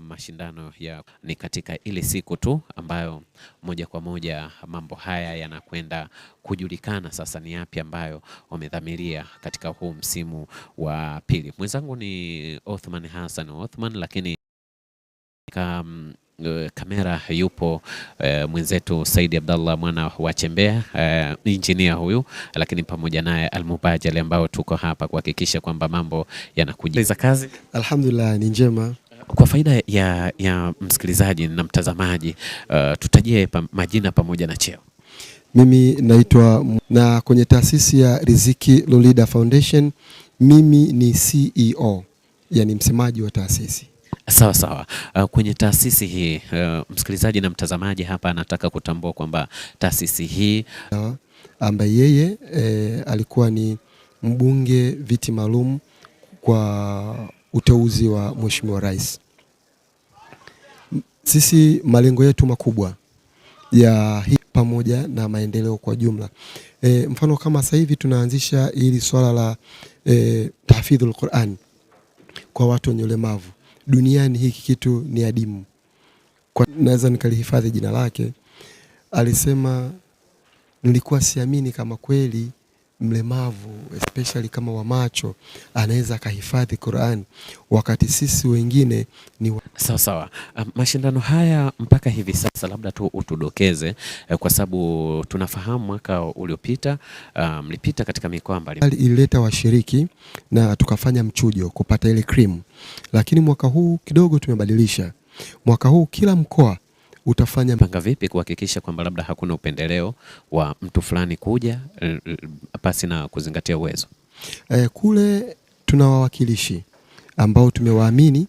mashindano ya ni katika ile siku tu ambayo moja kwa moja mambo haya yanakwenda kujulikana sasa ni yapi ambayo wamedhamiria katika huu msimu wa pili. Mwenzangu ni Othman Hassan Othman, lakini kam, mm, eh, kamera yupo e, mwenzetu Saidi Abdallah mwana wa Chembea e, eh, injinia huyu, lakini pamoja naye Almubajali ambao tuko hapa kuhakikisha kwamba mambo yanakuja. Kazi alhamdulillah ni njema kwa faida ya, ya msikilizaji na mtazamaji uh, tutajie pa, majina pamoja na cheo. Mimi naitwa na kwenye taasisi ya Riziki Lolida Foundation mimi ni CEO, yani msemaji wa taasisi. Sawa sawa. Uh, kwenye taasisi hii uh, msikilizaji na mtazamaji hapa anataka kutambua kwamba taasisi hii ambaye yeye e, alikuwa ni mbunge viti maalum kwa uteuzi wa Mheshimiwa Rais. Sisi malengo yetu makubwa ya hii pamoja na maendeleo kwa jumla e, mfano kama sasa hivi tunaanzisha ili swala la e, tahfidhul Qur'an kwa watu wenye ulemavu duniani. Hiki kitu ni adimu, naweza nikalihifadhi jina lake. Alisema nilikuwa siamini kama kweli mlemavu especially kama wa macho anaweza akahifadhi Qur'an wakati sisi wengine ni Sawa sawa. Um, mashindano haya mpaka hivi sasa labda tu utudokeze eh, kwa sababu tunafahamu mwaka uliopita ah, mlipita um, katika mikoa mbalimbali ilileta washiriki na tukafanya mchujo kupata ile cream, lakini mwaka huu kidogo tumebadilisha. Mwaka huu kila mkoa utafanya panga vipi kuhakikisha kwamba labda hakuna upendeleo wa mtu fulani kuja eh, eh, pasi na kuzingatia uwezo eh, kule tuna wawakilishi ambao tumewaamini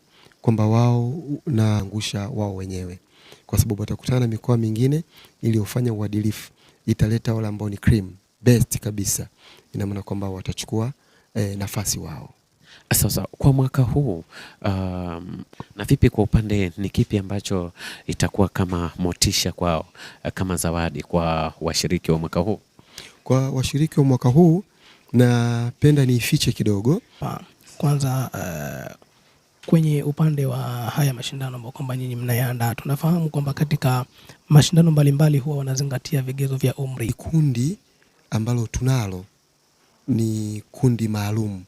kwamba wao naangusha wao wenyewe, kwa sababu watakutana na mikoa mingine iliyofanya uadilifu, italeta wale ambao ni cream best kabisa. Ina maana kwamba watachukua eh, nafasi wao. Sasa kwa mwaka huu um, na vipi kwa upande, ni kipi ambacho itakuwa kama motisha kwao, eh, kama zawadi kwa washiriki wa mwaka huu? Kwa washiriki wa mwaka huu napenda niifiche kidogo kwanza uh kwenye upande wa haya mashindano ambayo kwamba nyinyi mnayaandaa, tunafahamu kwamba katika mashindano mbalimbali huwa wanazingatia vigezo vya umri. Kundi ambalo tunalo ni kundi maalum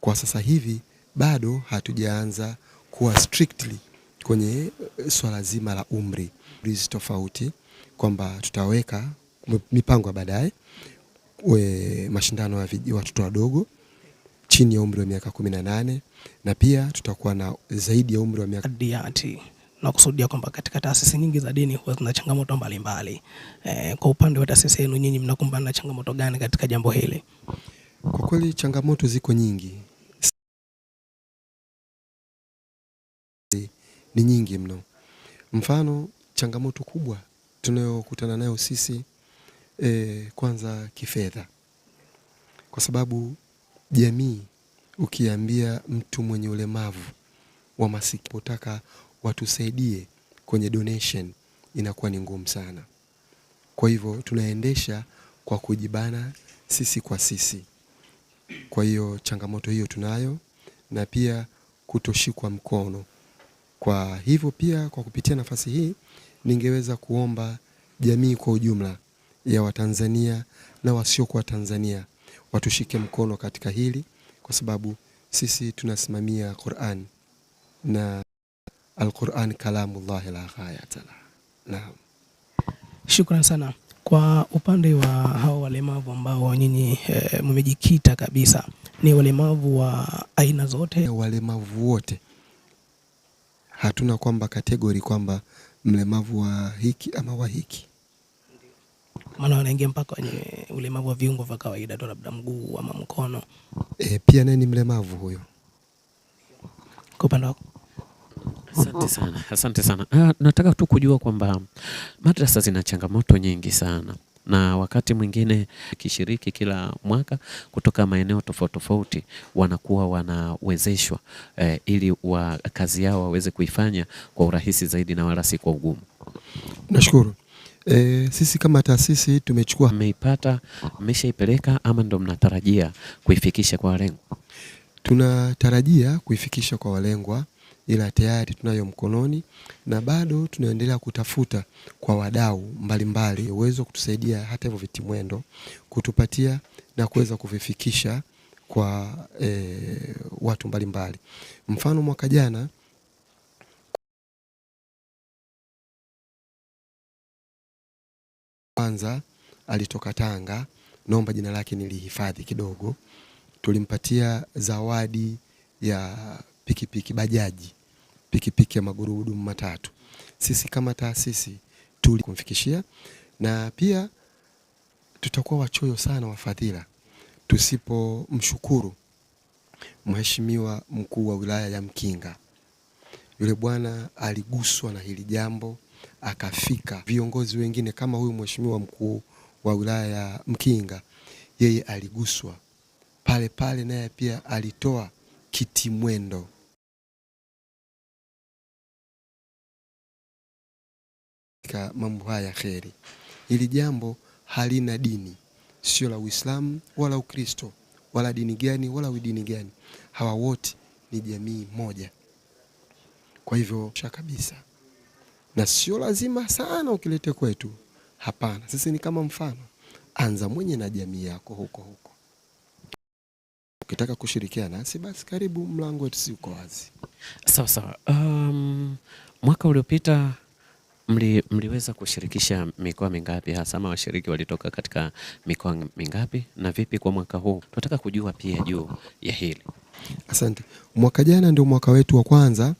kwa sasa hivi, bado hatujaanza kuwa strictly kwenye eh, swala zima la umri hizi tofauti, kwamba tutaweka mipango ya baadaye, mashindano ya watoto wadogo chini ya umri wa miaka 18 na pia tutakuwa na zaidi ya umri wa miaka Diati na kusudia kwamba katika taasisi nyingi za dini huwa zina changamoto mbalimbali. E, kwa upande wa taasisi yenu nyinyi mnakumbana na changamoto gani katika jambo hili? Kwa kweli changamoto ziko nyingi, ni nyingi mno. Mfano, changamoto kubwa tunayokutana nayo sisi e, kwanza kifedha, kwa sababu jamii ukiambia mtu mwenye ulemavu wa masikio potaka watusaidie kwenye donation inakuwa ni ngumu sana. Kwa hivyo tunaendesha kwa kujibana sisi kwa sisi. Kwa hiyo changamoto hiyo tunayo, na pia kutoshikwa mkono. Kwa hivyo pia, kwa kupitia nafasi hii, ningeweza kuomba jamii kwa ujumla ya Watanzania na wasiokuwa Tanzania watushike mkono katika hili, kwa sababu sisi tunasimamia Qur'an na Al-Qur'an kalamullah la ghayata Naam, shukran sana kwa upande wa hao walemavu ambao nyinyi e, mmejikita kabisa, ni walemavu wa aina zote, walemavu wote. Hatuna kwamba kategori kwamba mlemavu wa hiki ama wa hiki maana wanaingia mpaka kwenye ulemavu wa viungo vya kawaida tu, labda mguu ama mkono. E, pia naye ni mlemavu huyo. Kwa upande wako Asante sana, asante sana. Ah, nataka tu kujua kwamba madrasa zina changamoto nyingi sana, na wakati mwingine kishiriki kila mwaka kutoka maeneo tofauti tofauti wanakuwa wanawezeshwa eh, ili wa kazi yao waweze kuifanya kwa urahisi zaidi na wala si kwa ugumu. Nashukuru. E, sisi kama taasisi tumechukua. Mmeipata, mmeshaipeleka ama ndo mnatarajia kuifikisha kwa walengwa? Tunatarajia kuifikisha kwa walengwa, ila tayari tunayo mkononi na bado tunaendelea kutafuta kwa wadau mbalimbali uwezo kutusaidia hata hivyo vitimwendo kutupatia na kuweza kuvifikisha kwa e, watu mbalimbali mbali. Mfano mwaka jana kwanza alitoka Tanga, naomba jina lake nilihifadhi kidogo. Tulimpatia zawadi ya pikipiki piki, bajaji pikipiki piki ya magurudumu matatu. Sisi kama taasisi tulikumfikishia, na pia tutakuwa wachoyo sana wafadhila tusipomshukuru Mheshimiwa mkuu wa wilaya ya Mkinga. Yule bwana aliguswa na hili jambo akafika. Viongozi wengine kama huyu mheshimiwa mkuu wa wilaya ya Mkinga, yeye aliguswa pale pale, naye pia alitoa kitimwendo. Mambo haya kheri, hili jambo halina dini, sio la Uislamu wala Ukristo wala dini gani wala udini gani, hawa wote ni jamii moja. Kwa hivyo shaka kabisa na sio lazima sana ukilete kwetu. Hapana, sisi ni kama mfano. Anza mwenye na jamii yako huko huko. Ukitaka kushirikiana nasi basi, karibu, mlango wetu si uko wazi. Sawa sawa. Um, mwaka uliopita mli, mliweza kushirikisha mikoa mingapi hasa, ama washiriki walitoka katika mikoa mingapi na vipi kwa mwaka huu? Tunataka kujua pia juu ya hili. Asante. Mwaka jana ndio mwaka wetu wa kwanza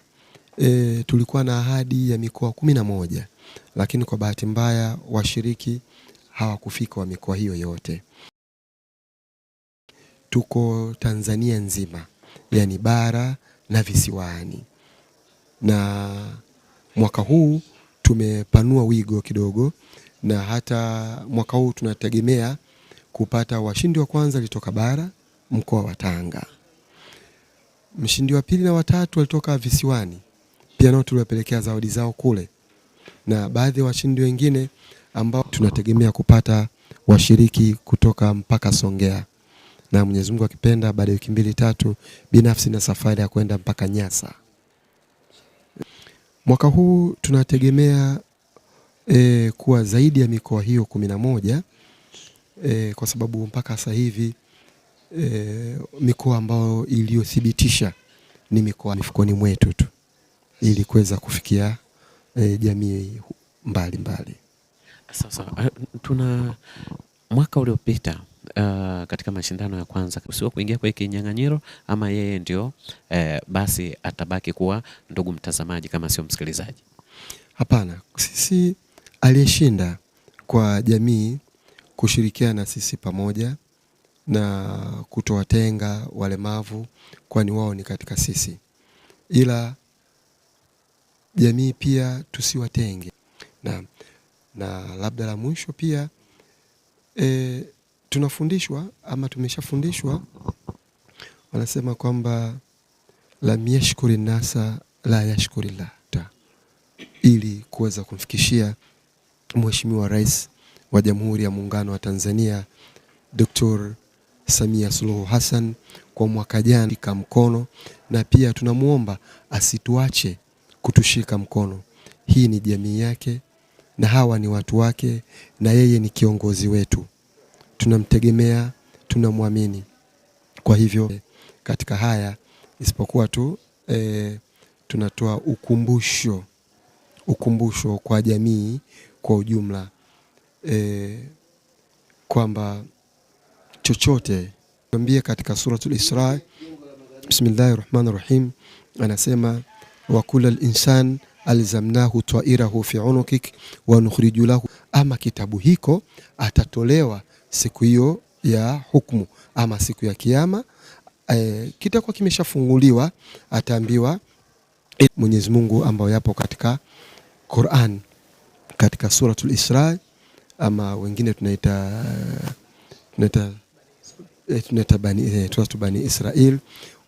e, tulikuwa na ahadi ya mikoa kumi na moja lakini kwa bahati mbaya washiriki hawakufika wa mikoa hiyo yote. Tuko Tanzania nzima, yani bara na visiwani, na mwaka huu tumepanua wigo kidogo, na hata mwaka huu tunategemea kupata washindi wa kwanza alitoka bara, mkoa wa Tanga, mshindi wa pili na watatu walitoka visiwani pia nao tuliwapelekea zawadi zao kule, na baadhi ya washindi wengine ambao tunategemea kupata washiriki kutoka mpaka Songea, na Mwenyezi Mungu akipenda, baada ya wiki mbili tatu, binafsi na safari ya kwenda mpaka Nyasa. Mwaka huu tunategemea e, kuwa zaidi ya mikoa hiyo kumi na moja e, kwa sababu mpaka sasa hivi e, mikoa ambayo iliyothibitisha ni mikoa mifukoni mwetu tu ili kuweza kufikia e, jamii mbalimbali. Sasa eh, tuna mwaka uliopita Uh, katika mashindano ya kwanza sio kuingia kwa kinyang'anyiro ama yeye ndio uh, basi atabaki kuwa ndugu mtazamaji kama sio msikilizaji? Hapana, sisi aliyeshinda kwa jamii kushirikiana sisi pamoja na kutowatenga walemavu, kwani wao ni katika sisi, ila jamii pia tusiwatenge na, na labda la mwisho pia e, tunafundishwa ama tumeshafundishwa wanasema kwamba lam yashkuri nasa la yashkuri ta, ili kuweza kumfikishia Mheshimiwa Rais wa Jamhuri ya Muungano wa Tanzania Dr. Samia Suluhu Hassan kwa mwaka jana mkono, na pia tunamwomba asituache kutushika mkono. Hii ni jamii yake na hawa ni watu wake, na yeye ni kiongozi wetu. Tunamtegemea, tunamwamini. Kwa hivyo katika haya isipokuwa tu e, tunatoa ukumbusho, ukumbusho kwa jamii kwa ujumla e, kwamba chochote ambie katika Suratul Isra, bismillahi rahmani rahim, anasema wa kula linsan alzamnahu twairahu fi unukik wa nukhriju lahu, ama kitabu hiko atatolewa siku hiyo ya hukumu ama siku ya kiyama. E, kitakuwa kimeshafunguliwa, ataambiwa Mwenyezi Mungu ambayo yapo katika Qur'an katika suratul Isra, ama wengine tunaita tunaita eh, tunaita bani, eh, Bani Israel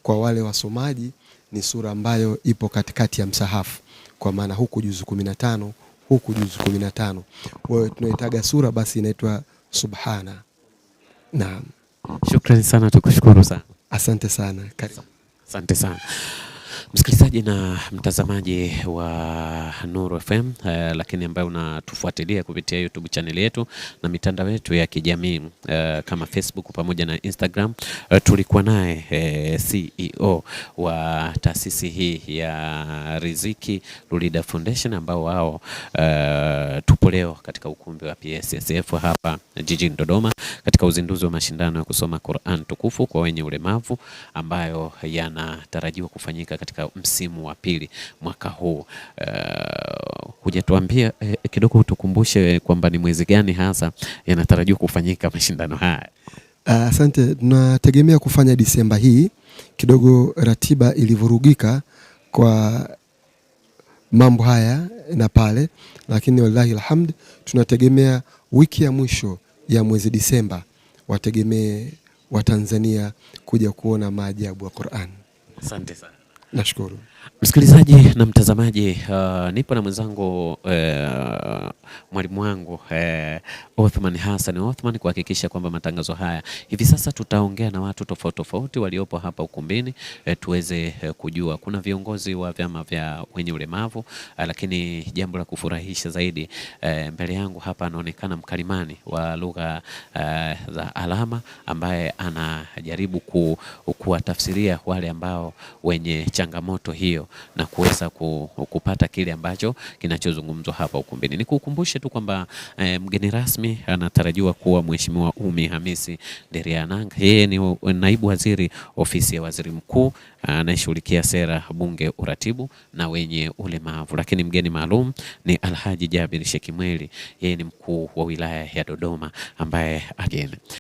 kwa wale wasomaji ni sura ambayo ipo katikati ya msahafu, kwa maana huku juzu kumi na tano huku juzu kumi na tano Wewe tunaitaga sura basi inaitwa Subhana. Naam, shukrani sana, tukushukuru sana, asante sana, karibu. Asante sana. Msikilizaji na mtazamaji wa Nuru FM eh, lakini ambaye unatufuatilia kupitia YouTube channel yetu na mitandao yetu ya kijamii eh, kama Facebook pamoja na Instagram eh, tulikuwa naye eh, CEO wa taasisi hii ya Riziki Lulida Foundation ambao wao eh, tupo leo katika ukumbi wa PSSF hapa jijini Dodoma katika uzinduzi wa mashindano ya kusoma Qur'an tukufu kwa wenye ulemavu ambayo yanatarajiwa kufanyika katika katika msimu wa pili mwaka huu. Uh, hujatuambia eh, kidogo utukumbushe kwamba ni mwezi gani hasa yanatarajiwa kufanyika mashindano haya? Uh, asante uh, tunategemea kufanya Disemba hii. Kidogo ratiba ilivurugika kwa mambo haya na pale, lakini wallahi alhamd, tunategemea wiki ya mwisho ya mwezi Disemba wategemee Watanzania kuja kuona maajabu ya Qur'an. Asante sana. Nashukuru. Msikilizaji na mtazamaji uh, nipo na mwenzangu uh, mwalimu wangu uh, Othman Hassan Othman kuhakikisha kwamba matangazo haya hivi sasa tutaongea na watu tofauti tofauti waliopo hapa ukumbini uh, tuweze uh, kujua kuna viongozi wa vyama vya wenye ulemavu uh, lakini jambo la kufurahisha zaidi uh, mbele yangu hapa anaonekana mkalimani wa lugha uh, za alama ambaye anajaribu ku, kuwatafsiria wale ambao wenye changamoto hiyo hiyo na kuweza kupata kile ambacho kinachozungumzwa hapa ukumbini. Nikukumbushe tu kwamba e, mgeni rasmi anatarajiwa kuwa Mheshimiwa Umi Hamisi Derianang. Yeye ni naibu waziri ofisi ya waziri mkuu anayeshughulikia sera, bunge, uratibu na wenye ulemavu, lakini mgeni maalum ni Alhaji Jabir Shekimweli, yeye ni mkuu wa wilaya ya Dodoma ambaye again